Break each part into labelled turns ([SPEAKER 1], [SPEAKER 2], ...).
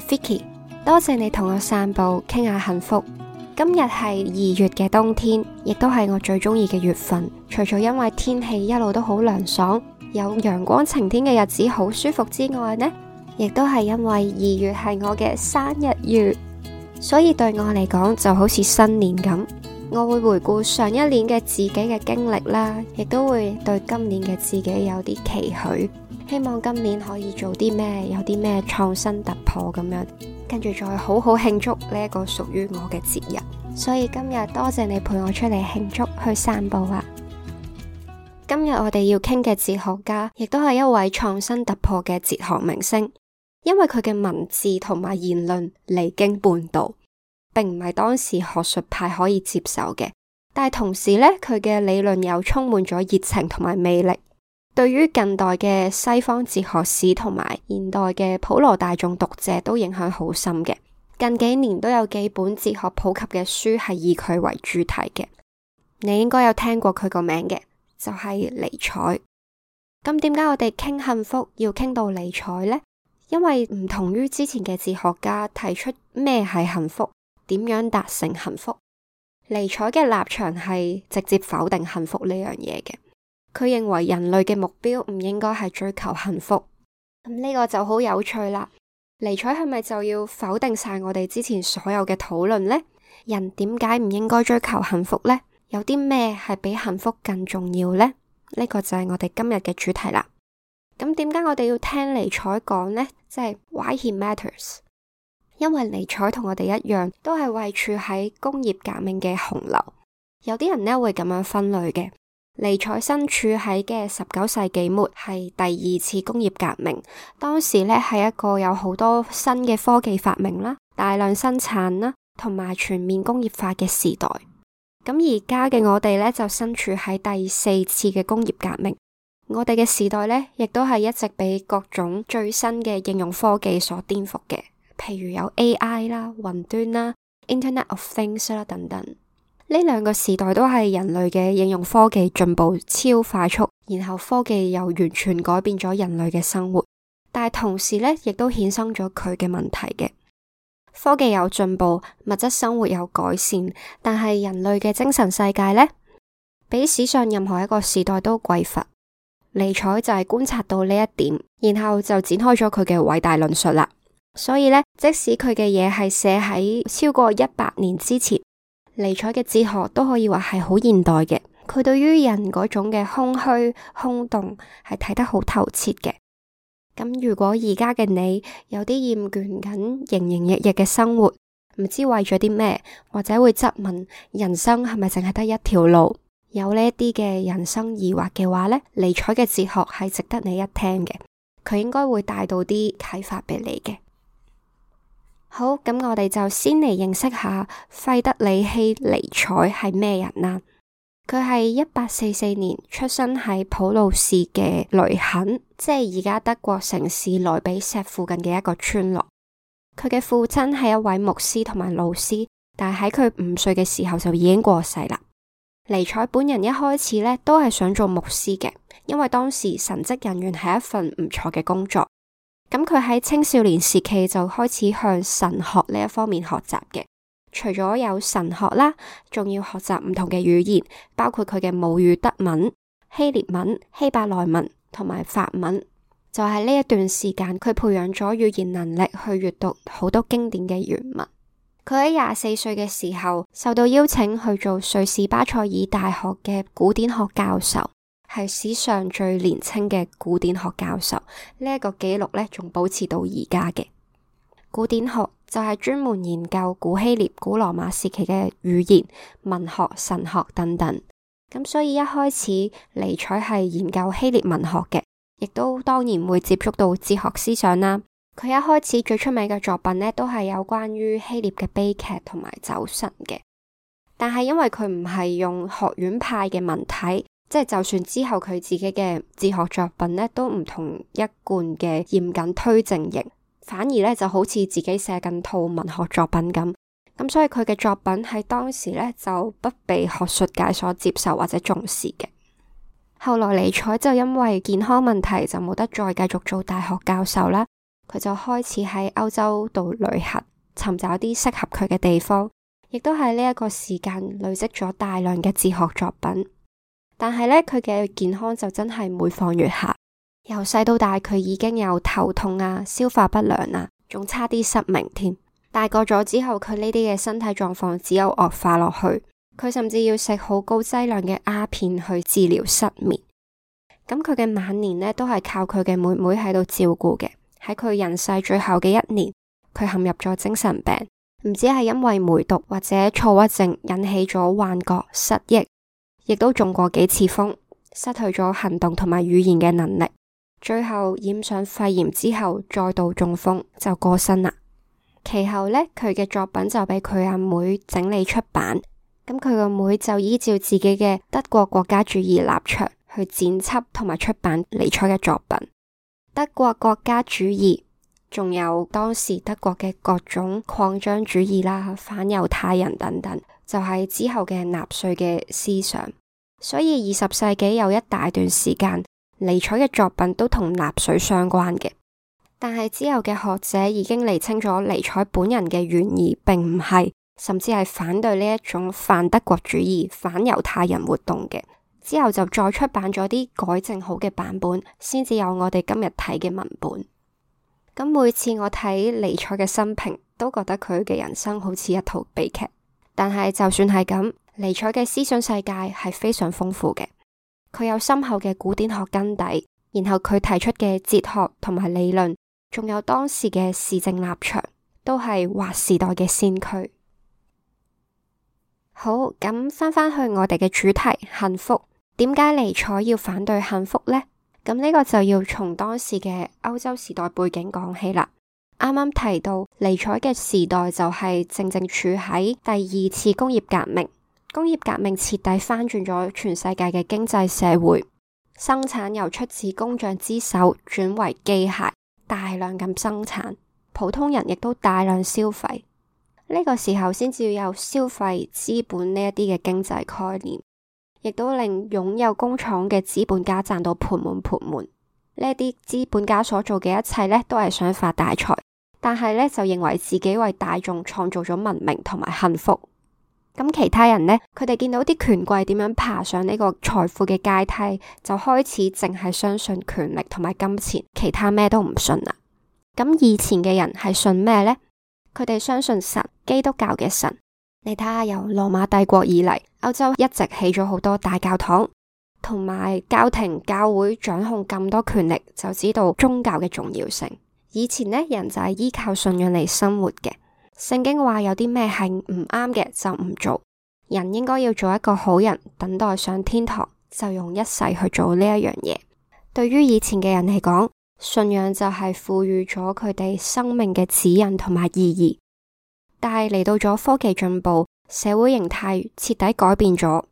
[SPEAKER 1] Fiki，多謝你同我散步傾下幸福。今日係二月嘅冬天，亦都係我最中意嘅月份。除咗因為天氣一路都好涼爽，有陽光晴天嘅日子好舒服之外，呢，亦都係因為二月係我嘅生日月，所以對我嚟講就好似新年咁。我會回顧上一年嘅自己嘅經歷啦，亦都會對今年嘅自己有啲期許。希望今年可以做啲咩，有啲咩創新突破咁樣，跟住再好好慶祝呢一個屬於我嘅節日。所以今日多謝你陪我出嚟慶祝，去散步啊！今日我哋要傾嘅哲學家，亦都係一位創新突破嘅哲學明星，因為佢嘅文字同埋言論離經叛道，並唔係當時學術派可以接受嘅。但係同時呢，佢嘅理論又充滿咗熱情同埋魅力。對於近代嘅西方哲學史同埋現代嘅普羅大眾讀者都影響好深嘅，近幾年都有幾本哲學普及嘅書係以佢為主題嘅。你應該有聽過佢個名嘅，就係尼采。咁點解我哋傾幸福要傾到尼采呢？因為唔同於之前嘅哲學家提出咩係幸福，點樣達成幸福。尼采嘅立場係直接否定幸福呢樣嘢嘅。佢認為人類嘅目標唔應該係追求幸福，咁，嗯，呢個就好有趣啦。尼采係咪就要否定晒我哋之前所有嘅討論呢？人點解唔應該追求幸福呢？有啲咩係比幸福更重要呢？呢個就係我哋今日嘅主題啦。咁點解我哋要聽尼采講呢？即係 Why He Matters？因為尼采同我哋一樣，都係位處喺工業革命嘅洪流，有啲人呢會咁樣分類嘅。尼采身處喺嘅十九世紀末，係第二次工業革命。當時咧係一個有好多新嘅科技發明啦、大量生產啦、同埋全面工業化嘅時代。咁而家嘅我哋咧就身處喺第四次嘅工業革命。我哋嘅時代咧，亦都係一直畀各種最新嘅應用科技所顛覆嘅。譬如有 AI 啦、雲端啦、Internet of Things 啦等等。呢兩個時代都係人類嘅應用科技進步超快速，然後科技又完全改變咗人類嘅生活，但係同時呢，亦都衍生咗佢嘅問題嘅。科技有進步，物質生活有改善，但係人類嘅精神世界呢，比史上任何一個時代都匱乏。尼采就係觀察到呢一點，然後就展開咗佢嘅偉大論述啦。所以呢，即使佢嘅嘢係寫喺超過一百年之前。尼采嘅哲學都可以話係好現代嘅，佢對於人嗰種嘅空虛、空洞係睇得好透徹嘅。咁如果而家嘅你有啲厭倦緊、營營役役嘅生活，唔知為咗啲咩，或者會質問人生係咪淨係得一條路？有呢一啲嘅人生疑惑嘅話呢，尼采嘅哲學係值得你一聽嘅，佢應該會帶到啲啟發俾你嘅。好，咁我哋就先嚟認識下費德里希尼采係咩人啦啊。佢係一八四四年出生喺普魯士嘅雷肯，即係而家德國城市萊比錫附近嘅一個村落。佢嘅父親係一位牧師同埋老師，但係喺佢五歲嘅時候就已經過世啦。尼采本人一開始呢都係想做牧師嘅，因為當時神職人員係一份唔錯嘅工作。咁佢喺青少年時期就開始向神學呢一方面學習嘅。除咗有神學啦，仲要學習唔同嘅語言，包括佢嘅母語德文、希臘文、希伯來文同埋法文。就係、是、呢一段時間，佢培養咗語言能力去閱讀好多經典嘅原文。佢喺廿四歲嘅時候受到邀請去做瑞士巴塞爾大學嘅古典學教授。係史上最年青嘅古典學教授，這個、記呢一個紀錄呢仲保持到而家嘅。古典學就係、是、專門研究古希臘、古羅馬時期嘅語言、文學、神學等等。咁所以一開始尼采係研究希臘文學嘅，亦都當然會接觸到哲學思想啦。佢一開始最出名嘅作品呢，都係有關於希臘嘅悲劇同埋酒神嘅。但係因為佢唔係用學院派嘅文體。即係，就算之後佢自己嘅哲學作品呢都唔同一貫嘅嚴謹推證型，反而呢就好似自己寫緊套文學作品咁。咁所以佢嘅作品喺當時呢就不被學術界所接受或者重視嘅。後來尼采就因為健康問題就冇得再繼續做大學教授啦，佢就開始喺歐洲度旅行，尋找啲適合佢嘅地方，亦都喺呢一個時間累積咗大量嘅哲學作品。但係咧，佢嘅健康就真係每況愈下，由細到大，佢已經有頭痛啊、消化不良啦、啊，仲差啲失明添。大個咗之後，佢呢啲嘅身體狀況只有惡化落去，佢甚至要食好高劑量嘅鴉片去治療失眠。咁佢嘅晚年呢，都係靠佢嘅妹妹喺度照顧嘅。喺佢人世最後嘅一年，佢陷入咗精神病，唔知係因為梅毒或者躁鬱症引起咗幻覺、失憶。亦都中過幾次風，失去咗行動同埋語言嘅能力，最後染上肺炎之後，再度中風就過身啦。其後呢，佢嘅作品就俾佢阿妹整理出版，咁佢個妹就依照自己嘅德國國家主義立場去剪輯同埋出版尼采嘅作品。德國國家主義，仲有當時德國嘅各種擴張主義啦、反猶太人等等，就係之後嘅納粹嘅思想。所以二十世紀有一大段時間，尼采嘅作品都同納粹相關嘅。但係之後嘅學者已經釐清咗，尼采本人嘅原意並唔係，甚至係反對呢一種反德國主義、反猶太人活動嘅。之後就再出版咗啲改正好嘅版本，先至有我哋今日睇嘅文本。咁每次我睇尼采嘅生平，都覺得佢嘅人生好似一套悲劇。但係就算係咁。尼采嘅思想世界係非常豐富嘅，佢有深厚嘅古典學根底，然後佢提出嘅哲學同埋理論，仲有當時嘅時政立場，都係劃時代嘅先驅。好，咁，返返去我哋嘅主題，幸福。點解尼采要反對幸福呢？咁呢個就要從當時嘅歐洲時代背景講起啦。啱啱提到尼采嘅時代就係正正處喺第二次工業革命。工業革命徹底翻轉咗全世界嘅經濟社會，生產由出自工匠之手轉為機械大量咁生產，普通人亦都大量消費。呢個時候先至有消費資本呢一啲嘅經濟概念，亦都令擁有工廠嘅資本家賺到盆滿盆滿。呢啲資本家所做嘅一切呢，都係想發大財，但係呢就認為自己為大眾創造咗文明同埋幸福。咁其他人呢，佢哋見到啲權貴點樣爬上呢個財富嘅階梯，就開始淨係相信權力同埋金錢，其他咩都唔信啦。咁以前嘅人係信咩呢？佢哋相信神，基督教嘅神。你睇下，由羅馬帝國以嚟，歐洲一直起咗好多大教堂，同埋教廷教會掌控咁多權力，就知道宗教嘅重要性。以前呢，人就係依靠信仰嚟生活嘅。聖經話有啲咩係唔啱嘅，就唔做，人應該要做一個好人，等待上天堂，就用一世去做呢一樣嘢。對於以前嘅人嚟講，信仰就係賦予咗佢哋生命嘅指引同埋意義。但係嚟到咗科技進步，社會形態徹底改變咗，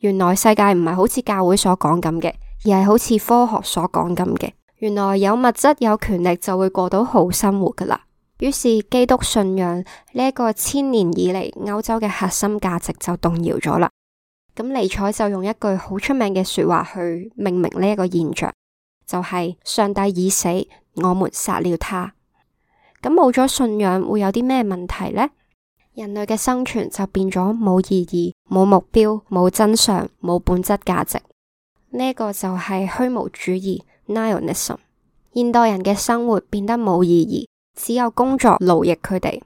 [SPEAKER 1] 原來世界唔係好似教會所講咁嘅，而係好似科學所講咁嘅。原來有物質有權力就會過到好生活㗎喇。於是基督信仰呢一個千年以嚟歐洲嘅核心價值就動搖咗啦。咁尼采就用一句好出名嘅說話去命名呢一個現象，就係上帝已死，我們殺了他。咁冇咗信仰會有啲咩問題呢？人類嘅生存就變咗冇意義、冇目標、冇真相、冇本質價值。呢個就係虛無主義 （Nihilism）。現代人嘅生活變得冇意義。只有工作勞役佢哋，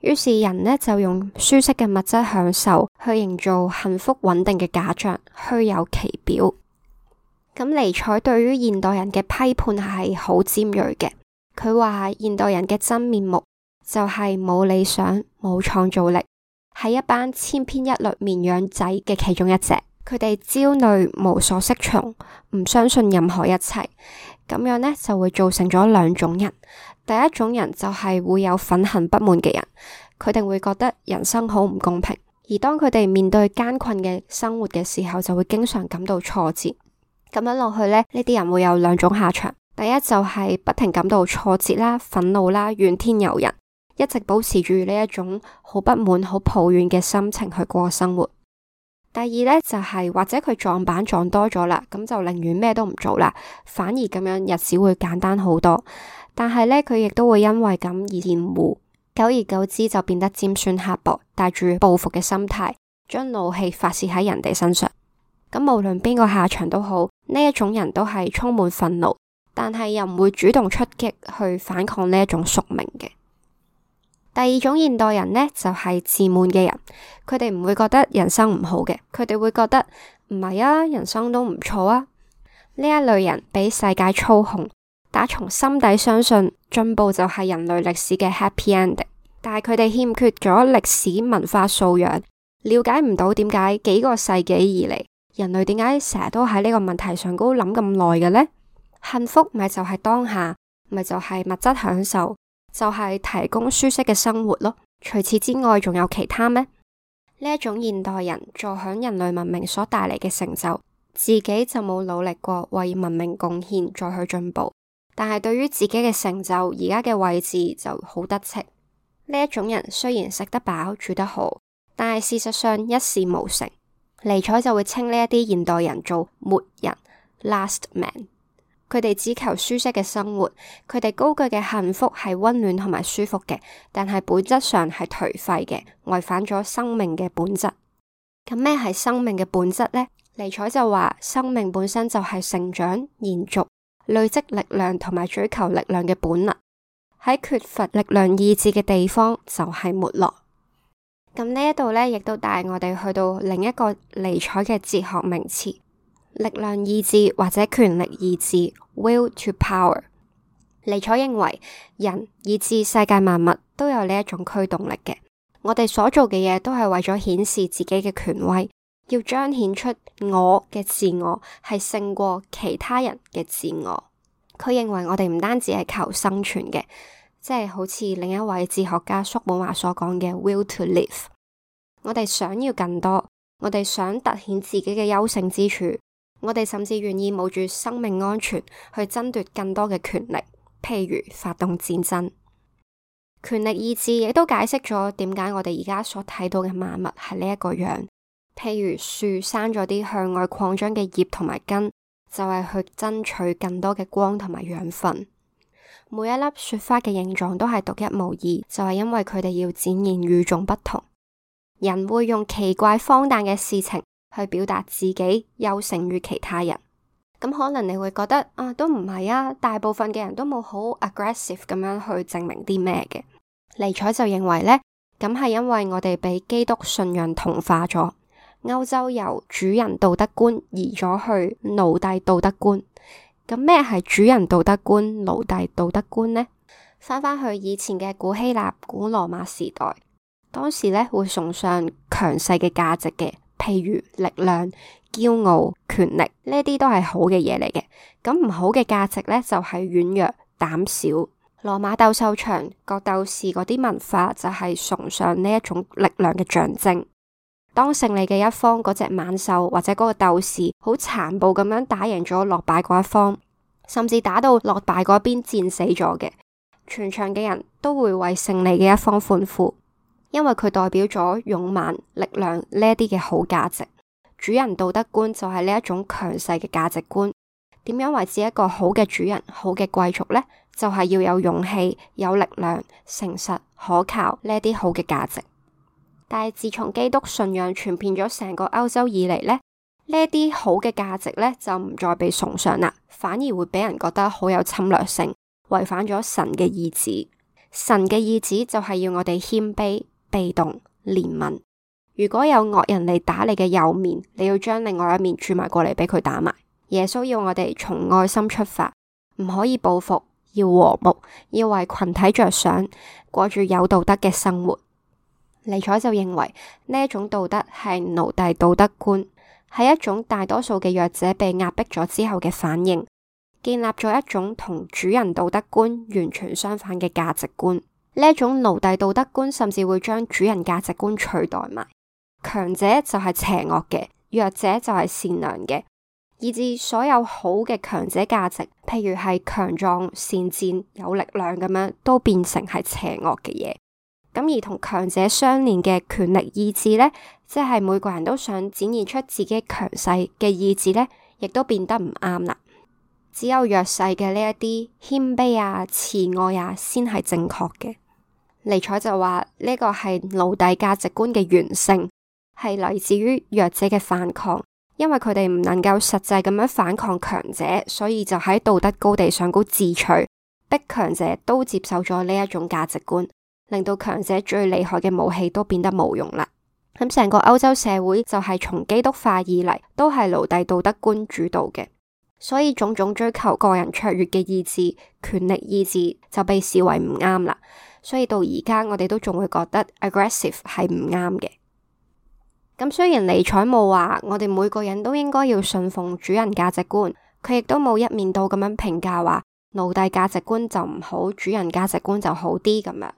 [SPEAKER 1] 於是人呢就用舒適嘅物質享受去營造幸福穩定嘅假象，虛有其表。咁尼采對於現代人嘅批判係好尖銳嘅。佢話現代人嘅真面目就係冇理想、冇創造力，係一班千篇一律綿羊仔嘅其中一隻。佢哋焦慮、無所適從，唔相信任何一切，咁樣呢就會造成咗兩種人。第一種人就係會有憤恨不滿嘅人，佢哋會覺得人生好唔公平，而當佢哋面對艱困嘅生活嘅時候，就會經常感到挫折。咁樣落去呢，呢啲人會有兩種下場。第一就係不停感到挫折啦、憤怒啦、怨天尤人，一直保持住呢一種好不滿、好抱怨嘅心情去過生活。第二呢就係或者佢撞板撞多咗啦，咁就寧願咩都唔做啦，反而咁樣日子會簡單好多。但係咧，佢亦都會因為咁而厭惡，久而久之就變得尖酸刻薄，帶住報復嘅心態，將怒氣發洩喺人哋身上。咁無論邊個下場都好，呢一種人都係充滿憤怒，但係又唔會主動出擊去反抗呢一種宿命嘅。第二種現代人呢，就係自滿嘅人，佢哋唔會覺得人生唔好嘅，佢哋會覺得唔係啊，人生都唔錯啊。呢一類人俾世界操控。打從心底相信進步就係人類歷史嘅 happy ending，但係佢哋欠缺咗歷史文化素養，了解唔到點解幾個世紀以嚟，人類點解成日都喺呢個問題上高諗咁耐嘅呢？幸福咪就係當下，咪就係物質享受，就係、是、提供舒適嘅生活咯。除此之外，仲有其他咩？呢一種現代人坐響人類文明所帶嚟嘅成就，自己就冇努力過為文明貢獻，再去進步。但係對於自己嘅成就，而家嘅位置就好得戚。呢一種人雖然食得飽，住得好，但係事實上一事無成。尼采就會稱呢一啲現代人做末人 （last man）。佢哋只求舒適嘅生活，佢哋高舉嘅幸福係溫暖同埋舒服嘅，但係本質上係頹廢嘅，違反咗生命嘅本質。咁咩係生命嘅本質呢？尼采就話：生命本身就係成長、延續。累積力量同埋追求力量嘅本能，喺缺乏力量意志嘅地方就係沒落。咁呢一度呢，亦都帶我哋去到另一個尼采嘅哲學名詞——力量意志或者權力意志 （Will to Power）。尼采認為，人以至世界萬物都有呢一種驅動力嘅。我哋所做嘅嘢都係為咗顯示自己嘅權威。要彰顯出我嘅自我係勝過其他人嘅自我。佢認為我哋唔單止係求生存嘅，即係好似另一位哲學家叔本華所講嘅 will to live。我哋想要更多，我哋想凸顯自己嘅優勝之處，我哋甚至願意冒住生命安全去爭奪更多嘅權力，譬如發動戰爭。權力意志亦都解釋咗點解我哋而家所睇到嘅萬物係呢一個樣。譬如樹生咗啲向外擴張嘅葉同埋根，就係去爭取更多嘅光同埋養分。每一粒雪花嘅形狀都係獨一無二，就係因為佢哋要展現與眾不同。人會用奇怪、荒誕嘅事情去表達自己優勝於其他人。咁、嗯、可能你會覺得啊，都唔係啊，大部分嘅人都冇好 aggressive 咁樣去證明啲咩嘅。尼采就認為呢，咁係因為我哋俾基督信仰同化咗。歐洲由主人道德觀移咗去奴隸道德觀，咁咩係主人道德觀、奴隸道德觀呢？翻返去以前嘅古希臘、古羅馬時代，當時咧會崇尚強勢嘅價值嘅，譬如力量、驕傲、權力，呢啲都係好嘅嘢嚟嘅。咁唔好嘅價值咧就係、是、軟弱、膽小。羅馬鬥獸場、角鬥士嗰啲文化就係崇尚呢一種力量嘅象徵。當勝利嘅一方嗰隻、那個、猛獸或者嗰個鬥士好殘暴咁樣打贏咗落敗嗰一方，甚至打到落敗嗰邊戰死咗嘅，全場嘅人都會為勝利嘅一方歡呼，因為佢代表咗勇猛、力量呢一啲嘅好價值。主人道德觀就係呢一種強勢嘅價值觀。點樣維持一個好嘅主人、好嘅貴族呢？就係、是、要有勇氣、有力量、誠實、可靠呢啲好嘅價值。但係自從基督信仰傳遍咗成個歐洲以嚟咧，呢一啲好嘅價值呢就唔再被崇尚啦，反而會俾人覺得好有侵略性，違反咗神嘅意志。神嘅意志就係要我哋謙卑、被動、憐憫。如果有惡人嚟打你嘅右面，你要將另外一面轉埋過嚟俾佢打埋。耶穌要我哋從愛心出發，唔可以報復，要和睦，要為群體着想，過住有道德嘅生活。尼采就認為呢一種道德係奴隸道德觀，係一種大多數嘅弱者被壓迫咗之後嘅反應，建立咗一種同主人道德觀完全相反嘅價值觀。呢一種奴隸道德觀甚至會將主人價值觀取代埋。強者就係邪惡嘅，弱者就係善良嘅，以至所有好嘅強者價值，譬如係強壯、善戰、有力量咁樣，都變成係邪惡嘅嘢。咁而同強者相連嘅權力意志呢，即係每個人都想展現出自己強勢嘅意志呢，亦都變得唔啱啦。只有弱勢嘅呢一啲謙卑啊、慈愛啊，先係正確嘅。尼采就話呢個係奴隸價值觀嘅原性，係嚟自於弱者嘅反抗，因為佢哋唔能夠實際咁樣反抗強者，所以就喺道德高地上高自取，逼強者都接受咗呢一種價值觀。令到強者最厲害嘅武器都變得冇用啦。咁成個歐洲社會就係從基督化以嚟，都係奴隸道德觀主導嘅，所以種種追求個人卓越嘅意志、權力意志就被視為唔啱啦。所以到而家我哋都仲會覺得 aggressive 係唔啱嘅。咁雖然尼采冇話我哋每個人都應該要信奉主人價值觀，佢亦都冇一面倒咁樣評價話。奴隸價值觀就唔好，主人價值觀就好啲咁樣。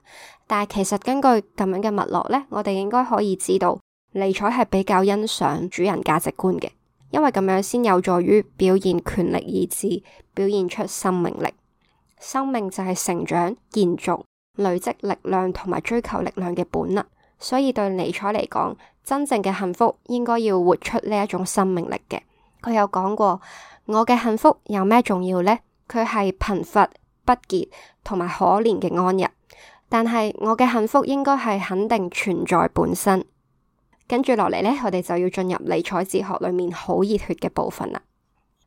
[SPEAKER 1] 但係其實根據咁樣嘅脈絡咧，我哋應該可以知道尼采係比較欣賞主人價值觀嘅，因為咁樣先有助於表現權力意志，表現出生命力。生命就係成長、延續、累積力量同埋追求力量嘅本能。所以對尼采嚟講，真正嘅幸福應該要活出呢一種生命力嘅。佢有講過，我嘅幸福有咩重要呢？」佢係貧乏、不潔同埋可憐嘅安逸，但係我嘅幸福應該係肯定存在本身。跟住落嚟咧，我哋就要進入尼采哲學裏面好熱血嘅部分啦。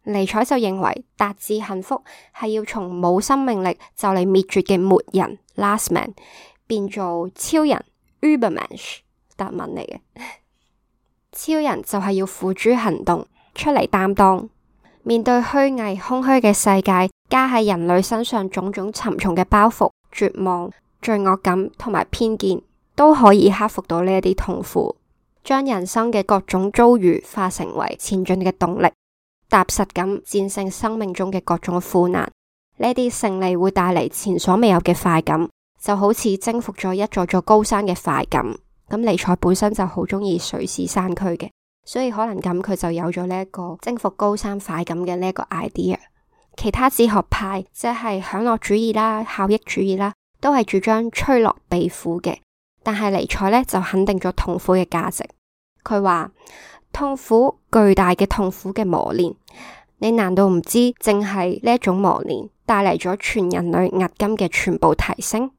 [SPEAKER 1] 尼采就認為達致幸福係要從冇生命力就嚟滅絕嘅末人 （last man） 變做超人 （uberman） 德文嚟嘅。超人就係要付諸行動出嚟擔當。面對虛偽空虛嘅世界，加喺人類身上種種沉重嘅包袱、絕望、罪惡感同埋偏見，都可以克服到呢一啲痛苦，將人生嘅各種遭遇化成為前進嘅動力，踏實咁戰勝生命中嘅各種苦難。呢啲勝利會帶嚟前所未有嘅快感，就好似征服咗一座座高山嘅快感。咁尼采本身就好中意瑞士山區嘅。所以可能咁，佢就有咗呢一個征服高山快感嘅呢一個 idea。其他哲學派即係享樂主義啦、效益主義啦，都係主張趨樂避苦嘅。但係尼采咧就肯定咗痛苦嘅價值。佢話痛苦，巨大嘅痛苦嘅磨練，你難道唔知道正係呢一種磨練帶嚟咗全人類迄今嘅全部提升？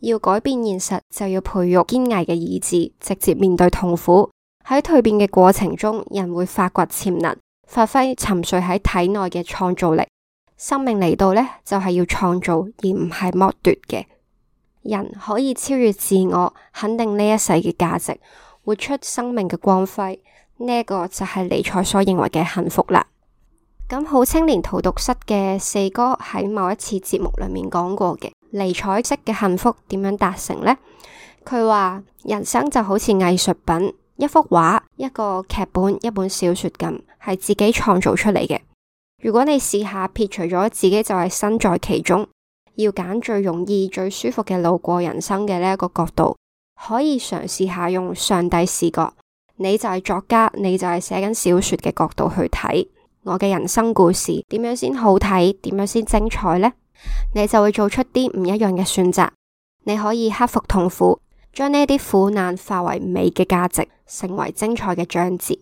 [SPEAKER 1] 要改變現實，就要培育堅毅嘅意志，直接面對痛苦。喺蛻變嘅過程中，人會發掘潛能，發揮沉睡喺體內嘅創造力。生命嚟到呢，就係、是、要創造而唔係剝奪嘅。人可以超越自我，肯定呢一世嘅價值，活出生命嘅光輝。呢、這、一個就係尼采所認為嘅幸福啦。咁好青年荼毒室嘅四哥喺某一次節目裏面講過嘅，尼采式嘅幸福點樣達成呢？」佢話人生就好似藝術品。一幅畫、一個劇本、一本小說咁，係自己創造出嚟嘅。如果你試下撇除咗自己，就係身在其中，要揀最容易、最舒服嘅路過人生嘅呢一個角度，可以嘗試下用上帝視角，你就係作家，你就係寫緊小說嘅角度去睇我嘅人生故事，點樣先好睇，點樣先精彩呢？你就會做出啲唔一樣嘅選擇，你可以克服痛苦。將呢啲苦難化為美嘅價值，成為精彩嘅章節。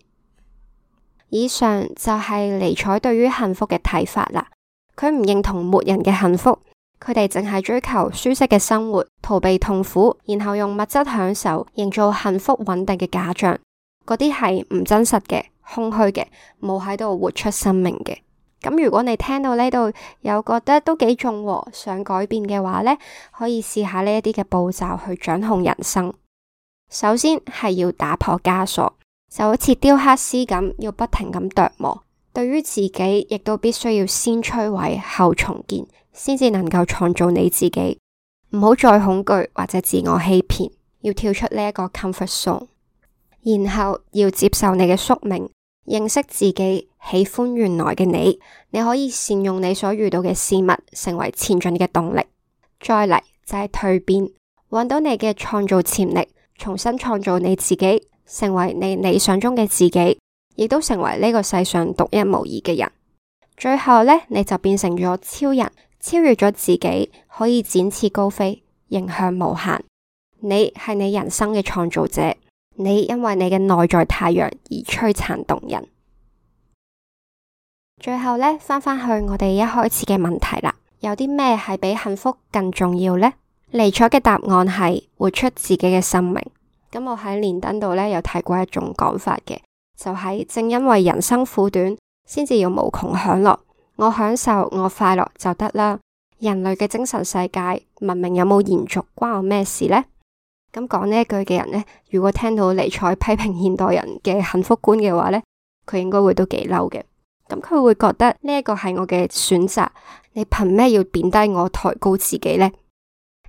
[SPEAKER 1] 以上就係尼采對於幸福嘅睇法啦。佢唔認同末人嘅幸福，佢哋淨係追求舒適嘅生活，逃避痛苦，然後用物質享受，營造幸福穩定嘅假象。嗰啲係唔真實嘅、空虛嘅，冇喺度活出生命嘅。咁如果你聽到呢度有覺得都幾重和，想改變嘅話呢，可以試下呢一啲嘅步驟去掌控人生。首先係要打破枷鎖，就好似雕刻師咁，要不停咁琢磨。對於自己，亦都必須要先摧毀後重建，先至能夠創造你自己。唔好再恐懼或者自我欺騙，要跳出呢一個 comfort zone。然後要接受你嘅宿命，認識自己。喜歡原來嘅你，你可以善用你所遇到嘅事物，成為前進嘅動力。再嚟就係蛻變，揾到你嘅創造潛力，重新創造你自己，成為你理想中嘅自己，亦都成為呢個世上獨一無二嘅人。最後呢，你就變成咗超人，超越咗自己，可以展翅高飛，影響無限。你係你人生嘅創造者，你因為你嘅內在太陽而璀璨動人。最後咧，翻返去我哋一開始嘅問題啦，有啲咩係比幸福更重要呢？尼采嘅答案係活出自己嘅生命。咁我喺連登度咧有提過一種講法嘅，就係、是、正因為人生苦短，先至要無窮享樂。我享受，我快樂就得啦。人類嘅精神世界、文明有冇延續，關我咩事呢？」咁講呢一句嘅人呢，如果聽到尼采批評現代人嘅幸福觀嘅話呢，佢應該會都幾嬲嘅。咁佢會覺得呢一個係我嘅選擇，你憑咩要貶低我，抬高自己呢？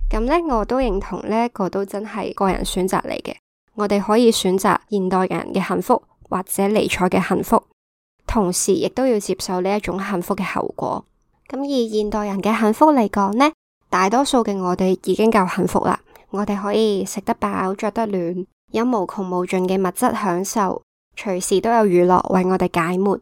[SPEAKER 1] 咁呢，我都認同呢，個都真係個人選擇嚟嘅。我哋可以選擇現代人嘅幸福，或者尼采嘅幸福，同時亦都要接受呢一種幸福嘅後果。咁以現代人嘅幸福嚟講呢，大多數嘅我哋已經夠幸福啦。我哋可以食得飽，着得暖，有無窮無盡嘅物質享受，隨時都有娛樂為我哋解悶。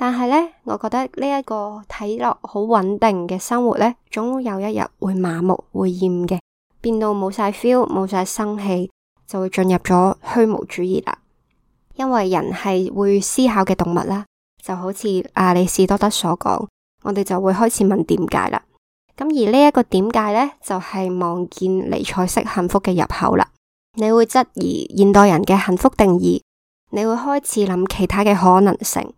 [SPEAKER 1] 但係呢，我覺得呢一個睇落好穩定嘅生活呢，總有一日會麻木，會厭嘅，變到冇晒 feel，冇晒生氣，就會進入咗虛無主義啦。因為人係會思考嘅動物啦，就好似亞里士多德所講，我哋就會開始問點解啦。咁而呢一個點解呢，就係、是、望見尼采式幸福嘅入口啦。你會質疑現代人嘅幸福定義，你會開始諗其他嘅可能性。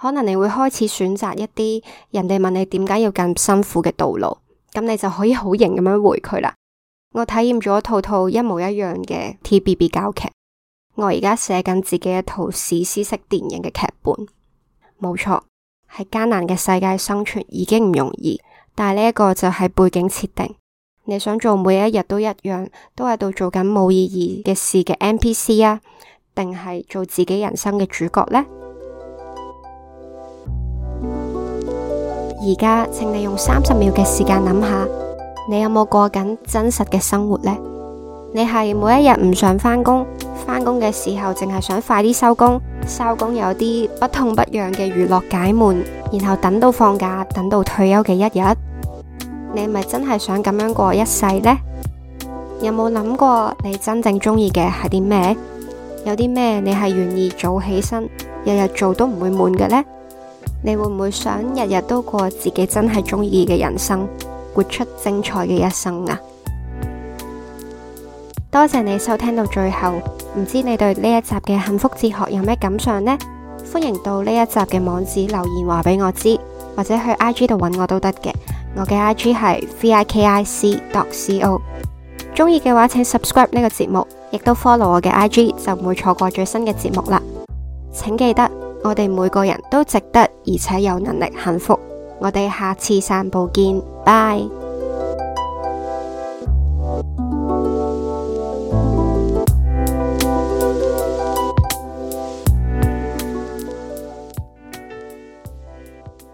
[SPEAKER 1] 可能你會開始選擇一啲人哋問你點解要咁辛苦嘅道路，咁你就可以好型咁樣回佢啦。我體驗咗一套套一模一樣嘅 TBB 膠劇，我而家寫緊自己一套史詩式電影嘅劇本，冇錯，喺艱難嘅世界生存已經唔容易，但係呢一個就係背景設定，你想做每一日都一樣，都喺度做緊冇意義嘅事嘅 NPC 啊，定係做自己人生嘅主角呢？而家，請你用三十秒嘅時間諗下，你有冇過緊真實嘅生活呢？你係每一日唔想返工，返工嘅時候淨係想快啲收工，收工有啲不痛不癢嘅娛樂解悶，然後等到放假，等到退休嘅一日，你係咪真係想咁樣過一世呢？有冇諗過你真正中意嘅係啲咩？有啲咩你係願意早起身，日日做都唔會悶嘅呢？你會唔會想日日都過自己真係中意嘅人生，活出精彩嘅一生啊？多謝你收聽到最後，唔知你對呢一集嘅幸福哲學有咩感想呢？歡迎到呢一集嘅網址留言話俾我知，或者去 I G 度揾我都得嘅。我嘅 I G 係 vikic.co。中意嘅話，請 subscribe 呢個節目，亦都 follow 我嘅 I G，就唔會錯過最新嘅節目啦。請記得。我哋每個人都值得，而且有能力幸福。我哋下次散步見，拜。